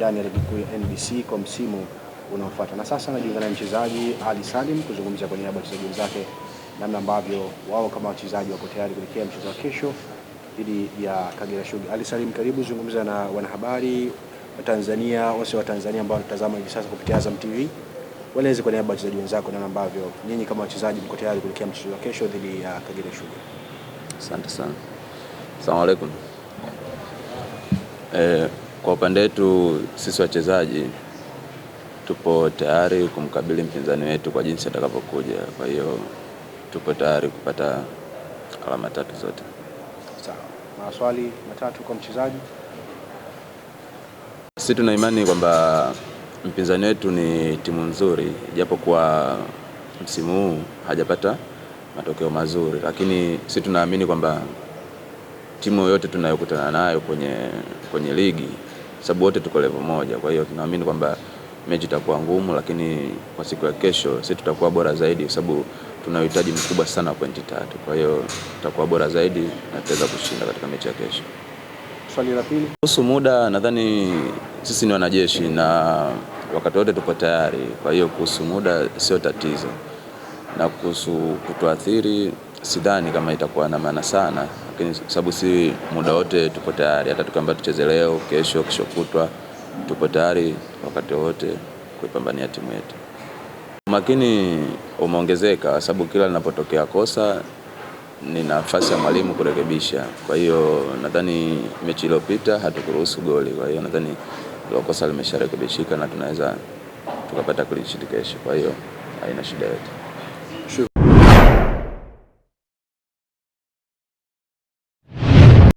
ndani ya ligi kuu ya NBC kwa msimu unaofuata. Na sasa najiunga na mchezaji Ali Salim kuzungumza kwa niaba ya wachezaji wenzake namna ambavyo wao kama wachezaji wako tayari kuelekea mchezo wa kesho dhidi ya Kagera Sugar. Ali Salim, karibu zungumza na wanahabari wa Tanzania, wase wa Tanzania ambao wanatazama hivi sasa kupitia Azam TV. Waeleze kwa niaba ya wachezaji wenzako namna ambavyo nyinyi kama wachezaji mko tayari kuelekea mchezo wa kesho dhidi ya Kagera Sugar. Asante sana. Asalamu alaykum. Eh, kwa upande wetu sisi wachezaji tupo tayari kumkabili mpinzani wetu kwa jinsi atakavyokuja. Kwa hiyo tupo tayari kupata alama tatu zote. Sawa. Maswali matatu kwa mchezaji. Sisi tuna imani kwamba mpinzani wetu ni timu nzuri, japokuwa msimu huu hajapata matokeo mazuri, lakini sisi tunaamini kwamba timu yoyote tunayokutana nayo kwenye, kwenye ligi sababu wote tuko level moja. Kwa hiyo tunaamini kwamba mechi itakuwa ngumu, lakini kwa siku ya kesho sisi tutakuwa bora zaidi, sababu tuna uhitaji mkubwa sana wa pointi tatu. Kwa hiyo tutakuwa bora zaidi na tutaweza kushinda katika mechi ya kesho. Swali la pili kuhusu muda, nadhani sisi ni wanajeshi na wakati wote tupo tayari. Kwa hiyo kuhusu muda sio tatizo, na kuhusu kutuathiri sidhani kama itakuwa na maana sana, lakini sababu si muda wote tupo tayari, hata tukiambiwa tucheze leo, kesho, kesho kutwa, tupo tayari wakati wote kuipambania timu yetu. Makini umeongezeka sababu kila linapotokea kosa ni nafasi ya mwalimu kurekebisha. Kwa hiyo nadhani mechi iliyopita hatukuruhusu goli, kwa hiyo nadhani kosa limesharekebishika na tunaweza tukapata clean sheet kesho, kwa hiyo haina shida yote.